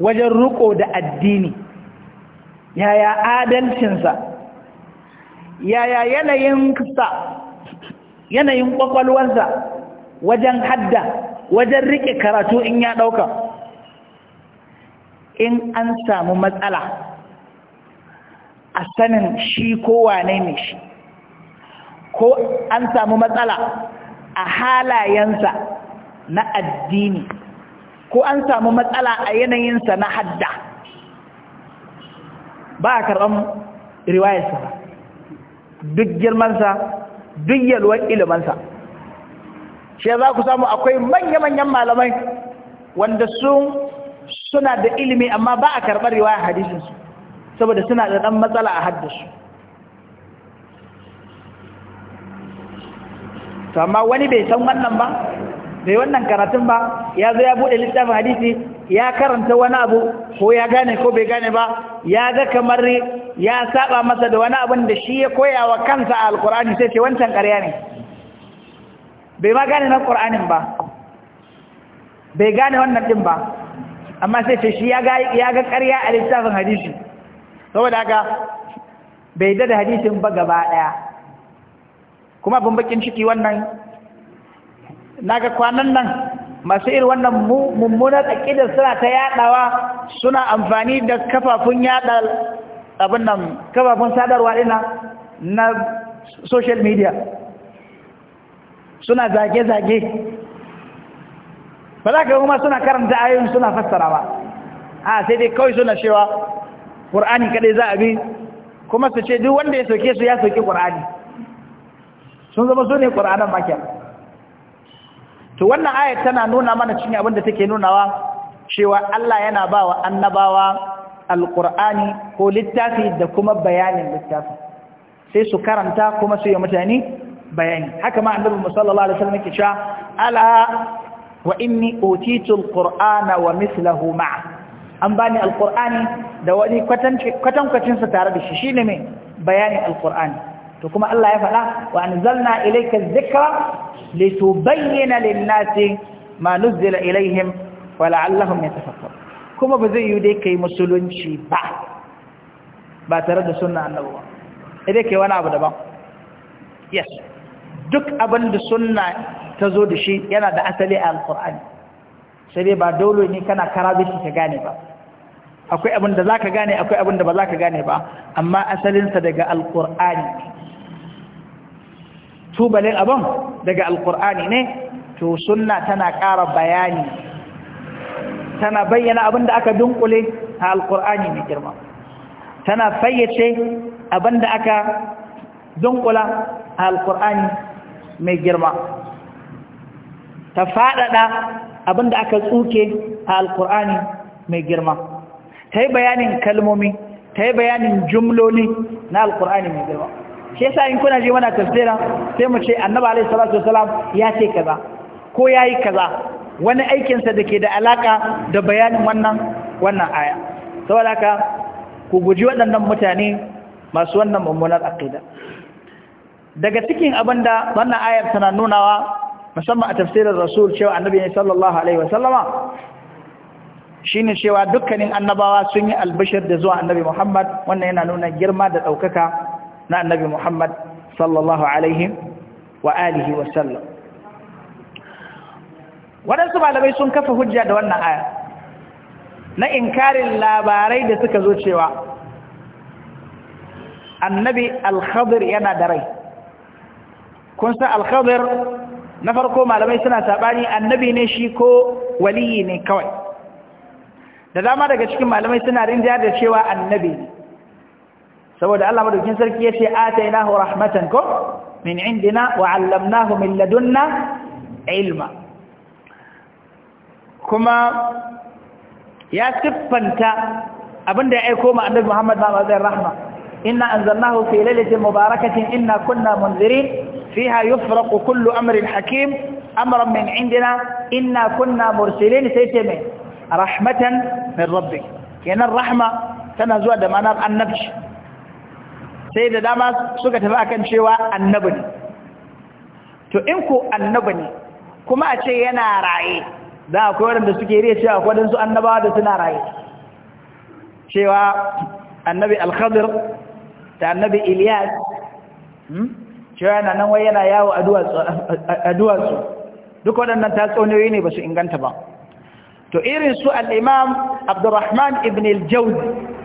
wajen riko da addini yaya adalcinsa yaya yanayin yanayin kwakwalwarsa wajen hadda wajen rike karatu in ya ɗauka in an samu matsala a sanin shi ko wane ne shi ko an samu matsala a halayensa na addini ko an samu matsala a yanayinsa na hadda ba a karɓar riwayarsa ba duk girmansa duk yalwar ilimansa shi za ku samu akwai manya-manyan malamai wanda sun suna da ilimi amma ba a karɓar riwayar hadisinsu saboda suna da ɗan matsala a haddasu to amma wani bai san wannan ba bai wannan karatun ba ya zo ya bude littafin hadisi ya karanta wani abu ko ya gane ko bai gane ba ya ga kamar ya saba masa da wani abin da shi ya koya wa kansa a alkur'ani sai ce wancan ƙarya ne bai ma gane na ƙur'anin ba bai gane wannan ɗin ba amma sai ce shi ya ga ƙarya a littafin hadisi saboda haka bai da hadisin ba gaba ɗaya kuma abin ciki wannan naga kwanan nan masu irin wannan mummunar aƙidar suna ta yaɗawa suna amfani da kafafun yaɗa abin nan kafafun sadarwa ɗina na social media suna zage-zage ba za ka kuma suna karanta ayoyin suna fassara ba a sai dai kawai suna cewa ƙur'ani kaɗai za a bi kuma su ce duk wanda ya soke su ya soke ƙur'ani sun zama su ne ƙur'anan makiyar to wannan ayat tana nuna mana cikin abin da take nunawa cewa Allah yana bawa annabawa alqur'ani ko littafi da kuma bayanin littafi sai su karanta kuma su yi mutane bayani haka ma annabi sallallahu alaihi wasallam yake cewa ala wa inni utitu alqur'ana wa mithluhu ma'a an bani alqur'ani da wani kwatankwacin sa tare da shi shine mai bayanin alqur'ani to kuma Allah ya faɗa wa anzalna ilayka adh-dhikra litubayyana lin-nasi ma nuzila ilaihim wa la'allahum yatafakkarun kuma ba zai yi dai kai musulunci ba ba tare da sunna annabi ba idan kai wani abu daban yes duk abin da sunna ta zo da shi yana da asali a alqur'ani sai dai ba dole ne kana karabishi ka gane ba akwai abin da zaka gane akwai abin da ba zaka gane ba amma asalinsa daga alqur'ani tubalin abin daga alkur'ani ne to suna tana ƙara bayani tana bayyana abin da aka dunkule a alkur'ani mai girma tana fayyace abin da aka dunkula a alkur'ani mai girma ta faɗaɗa abin da aka tsuke a alkur'ani mai girma ta yi bayanin kalmomi ta yi bayanin jumloli na alkur'ani mai girma shi yasa in kuna je mana tafsira sai mu ce annabi alaihi salatu wasalam ya ce kaza ko yayi kaza wani aikinsa da ke da alaka da bayanin wannan wannan aya saboda haka ku guji waɗannan mutane masu wannan mummunar aqida daga cikin abinda wannan ayar tana nunawa musamman a tafsirin rasul cewa annabi ne sallallahu alaihi wasallama shine cewa dukkanin annabawa sun yi albishir da zuwa annabi Muhammad wannan yana nuna girma da daukaka na annabi Muhammad sallallahu alaihi wa alihi wa sallam waɗansu malamai sun kafa hujja da wannan aya na inkarin labarai da suka zo cewa annabi al-khadir yana da rai kun san al-khadir na farko malamai suna sabani annabi ne shi ko waliyi ne kawai da dama daga cikin malamai suna rinja da cewa annabi ne سواد الله مدرك ينسر كيسي آتيناه رحمة كم من عندنا وعلمناه من لدنا علما كما يا سفنك أبن دعي كوما أن نبي محمد ما ذي الرحمة إنا أنزلناه في ليلة مباركة إنا كنا منذرين فيها يفرق كل أمر حكيم أمرا من عندنا إنا كنا مرسلين سيتمي رحمة من ربك يعني الرحمة تنزوى دمانا أن نبش sai da dama suka tafi akan cewa annabi ne to in ko annabi ne kuma a ce yana raye da akwai waɗanda suke riya cewa su annabawa da suna raye cewa annabi alkhadir da annabi ilyas hmm? cewa yana nan wai yana yawo a duwatsu duk waɗannan tatsuniyoyi ne ba su inganta ba to irin su al'imam abdurrahman ibn al-jawzi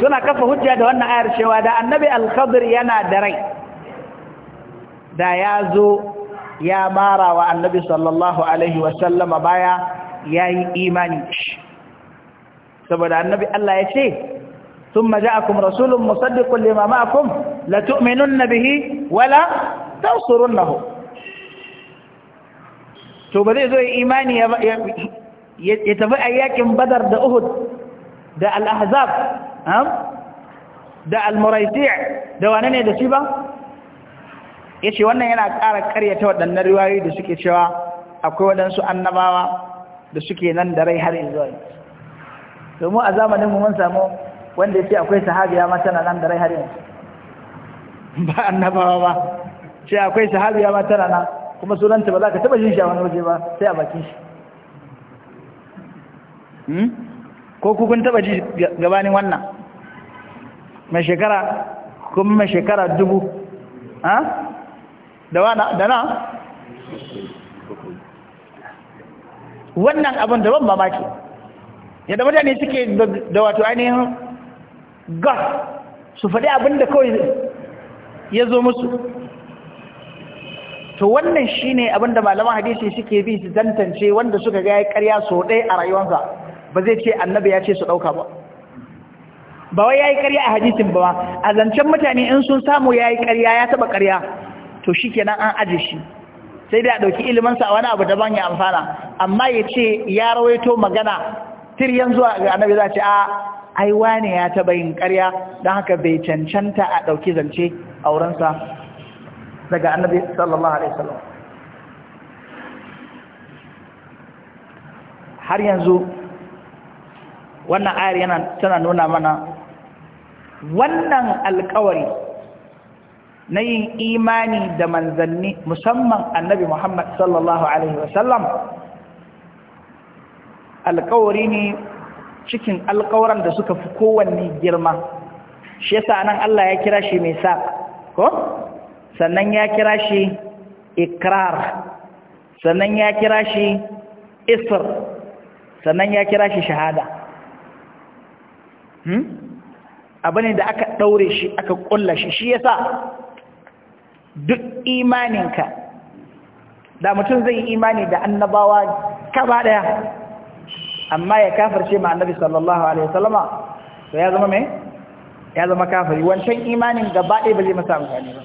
suna kafa hujja da wannan ayar cewa da annabi al-khadir yana da rai da ya zo ya mara wa annabi sallallahu alaihi wasallama baya ya yi imani saboda annabi Allah ya ce ثم جاءكم رسول مصدق لما معكم لتؤمنن به ولا تنصرنه to ba zai zo ya imani ya tafi ayyakin badar da uhud da al-ahzab da almuraiti da wane ne da shi ba ya ce wannan yana ƙara ta waɗannan riwayoyi da suke cewa akwai waɗansu annabawa da suke nan da rai har yanzu domin a zamanin mu mun samu wanda ya ce akwai sahabiya ma tana nan da rai har yanzu ba annabawa ba ce akwai sahabiya ma tana nan kuma sunanta ba za ka taɓa jin shi a wani waje ba sai a bakin shi hmm? ko kun taba ji gabanin wannan ma shekara kuma mai shekara dubu ha da na wannan abin da ban mamaki yadda mutane suke da wato ainihin ga su faɗi abin da kawai ya zo musu to wannan shine abin da malaman hadisi suke bi su tantance wanda suka ga ya karya sau ɗaya a rayuwansa ba zai ce annabi ya ce su ɗauka ba ba wai yayi ƙarya a hadisin ba a zancen mutane in sun samu yayi ƙarya ya taba ƙarya to shikenan an aje shi sai da dauki ilimin sa wani abu daban ya amfana amma yace ya rawaito magana tiryan zuwa ga annabi za a ai wane ya taba yin ƙarya dan haka bai cancanta a dauki zance auren sa daga annabi sallallahu alaihi wasallam har yanzu wannan ayar yana tana nuna mana wannan alkawari na yin imani da manzanni musamman annabi Muhammad sallallahu Alaihi wasallam alkawari ne cikin alkawaran da suka fi kowanne girma shi yasa nan Allah ya kira shi mai sa ko sannan ya kira shi ikrar sannan ya kira shi isr sannan ya kira shi shahada hmm? abu ne da aka ɗaure shi aka ƙulla shi shi yasa duk imaninka da mutum zai yi imani da annabawa kaba ɗaya amma ya kafarce ma annabi sallallahu alaihi wasallama to ya zama mai ya zama wancan imanin gaba ɗaya ba zai masa amfani ba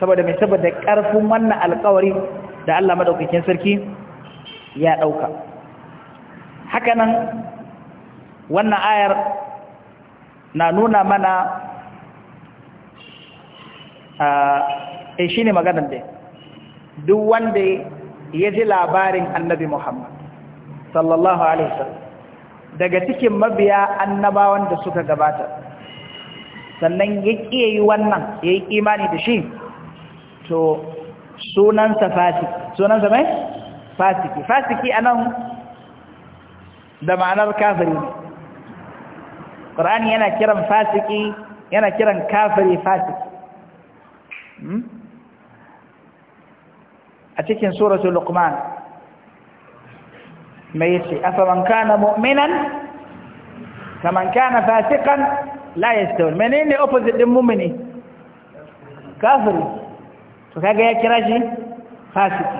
saboda mai saboda ƙarfin wannan alƙawari da Allah maɗaukakin sarki ya ɗauka hakanan wannan ayar na nuna mana a eh, shi ne maganar da duk wanda ya ji labarin annabi Muhammad sallallahu Alaihi wasallam daga cikin mabiya annabawan da suka gabata sannan ya ƙiye yi wannan ya yi imani da shi to sunansa fasiki sunansa mai fasiki fasiki anan da ma'anar kafiri ne ƙur'ani yana kiran fasiki yana kiran kafiri fasiki hmm? a cikin suratul luqman mai yace afaman kana mu'minan kaman kana fasikan la yastawi menene opposite din mu'mini kafiri to kaga ya kira shi fasiki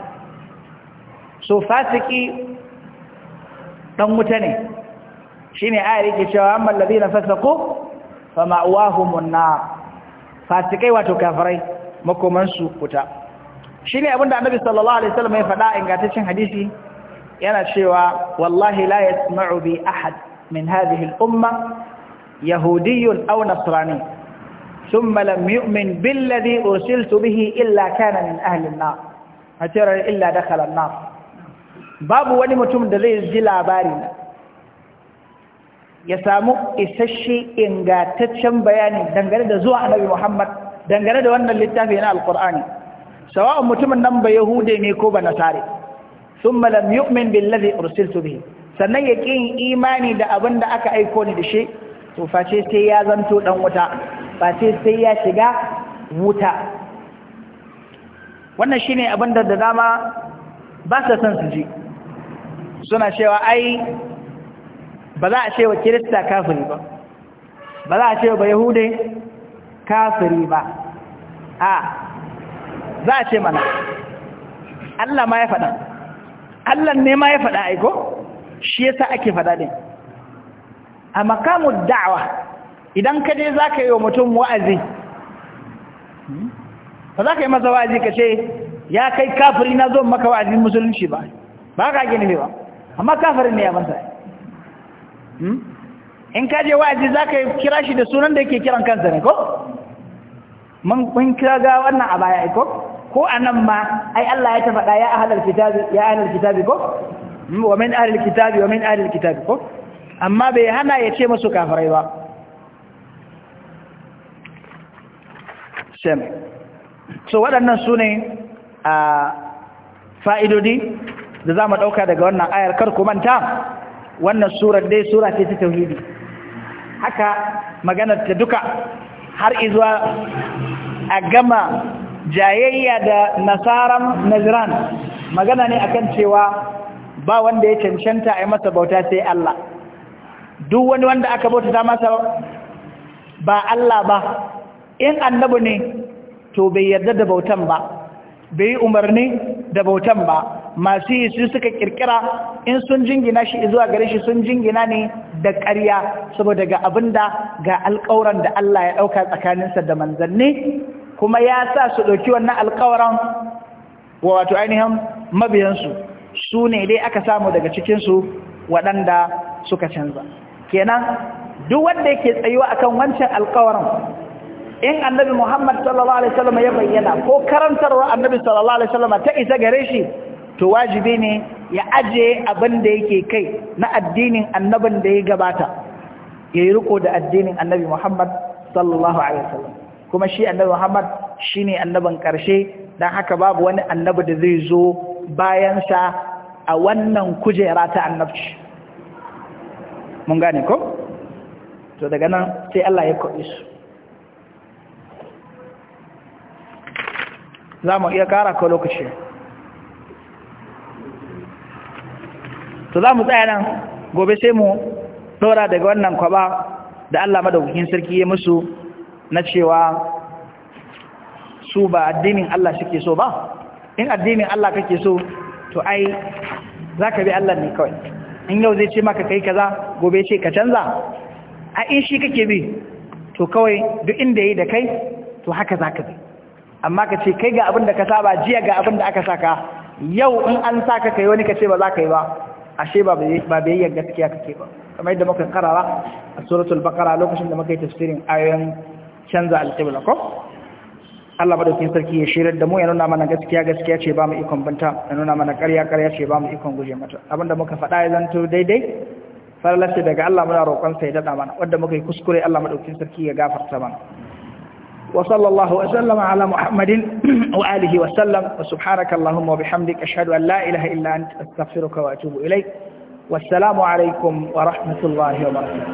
so fasiki dan wuta ne shine aya yake cewa amma alladhina fasaqu fa nar fasikai wato kafirai makoman su kuta shine abinda annabi sallallahu alaihi wasallam ya faɗa ingantaccen hadisi yana cewa wallahi la yasma'u bi ahad min hadhihi al-umma yahudiyyun aw nasrani thumma lam yu'min billadhi ursiltu bihi illa kana min ahli an-nar illa dakhala an-nar babu wani mutum da zai ji labari ya samu isasshe ingataccen bayani dangane da zuwa annabi Muhammad dangane da wannan littafi na alkur'ani sawa'un mutumin nan ba yahude ne ko ba nasare thumma lam yu'min billazi ursiltu bihi sannan ya ƙin imani da abin da aka aiko ni da shi to face sai ya zanto dan wuta face sai ya shiga wuta wannan shine abin da dama ba sa son su ji suna cewa ai ba za a cewa kirista kafiri ba ba za a cewa ba yahude kafiri ba a za a ce mana Allah ma ya faɗa Allah ne ma ya faɗa aiko shi yasa ake faɗa din a makamu da'awa idan ka je za ka yi wa mutum wa'azi ba za ka yi masa wa'azi ka ce ya kai kafiri na zo maka wa'azin musulunci ba ba ka gini ba amma kafirin ne ya masa Hmm? in ka je wa'azi za ka kira shi da sunan da yake kiran kansa ne ko? mun kira ga wannan a baya ko? ko a nan ma ai Allah ya tafaɗa ya ahalar kitabi ya ahalar kitabi ko? Hmm, wa min ahalar kitabi wa min ahalar kitabi ko? amma bai hana ya ce masu kafirai ba shem so waɗannan su ne a fa'idodi da za mu ɗauka daga wannan ayar kar ku manta wannan surar dai sura ce ta tauhidi haka maganar ta duka har izuwa a gama jayayya da nasaran naziran magana ne akan cewa ba wanda ya cancanta a yi masa bauta sai Allah duk wani wanda aka bauta masa ba Allah ba in annabi ne to bai yarda da bautan ba bai umarni da bautan ba masu yi su suka kirkira in sun jingina shi zuwa gare shi sun jingina ne da ƙarya saboda ga abin da ga alƙawuran da Allah ya ɗauka tsakaninsa da manzanni kuma ya sa su ɗauki wannan alƙawuran wa wato ainihin mabiyansu su ne dai aka samu daga cikinsu waɗanda suka canza kenan duk wanda yake tsayuwa akan wancan alƙawuran in annabi Muhammad sallallahu alaihi wasallam ya bayyana ko karantarwa annabi sallallahu alaihi wasallam ta isa gare shi to wajibi ne ya aje abin da yake kai na addinin annabin da ya gabata ya yi riko da addinin annabi Muhammad sallallahu alaihi wasallam kuma shi annabi Muhammad shine annabin karshe dan haka babu wani annabi da zai zo bayan sa a wannan kujera ta annabci mun gane ko to daga nan sai Allah ya kwaɓe su za mu iya kara ko lokaci to za mu tsaya nan gobe sai mu ɗora daga wannan kwaba da Allah madaukakin sarki ya musu na cewa su ba addinin Allah suke so ba in addinin Allah kake so to ai za ka bi Allah ne kawai in yau zai ce maka kai kaza gobe ce ka canza a in shi kake bi to kawai duk inda yi da kai to haka za ka bi amma ka ce kai ga abin da ka saba jiya ga abin da aka saka yau in an saka kai wani ka ce ba za ka yi ba ashe ba biyayyar gaskiya kake ba kamar yadda muka karara a suratul baqara lokacin da muka yi tafsirin ayoyin canza alqibla ko Allah madaukakin sarki ya shirar da mu ya nuna mana gaskiya gaskiya ce ba mu ikon banta ya nuna mana ƙarya ƙarya ce ba mu ikon guje mata abinda muka faɗa ya zanto daidai farlasi daga Allah muna roƙon sai ya dada mana wanda muka yi kuskure Allah madaukin sarki ya gafarta mana وصلى الله وسلم على محمد *clears throat* وآله وسلم وسبحانك اللهم وبحمدك أشهد أن لا إله إلا أنت أستغفرك وأتوب إليك والسلام عليكم ورحمة الله وبركاته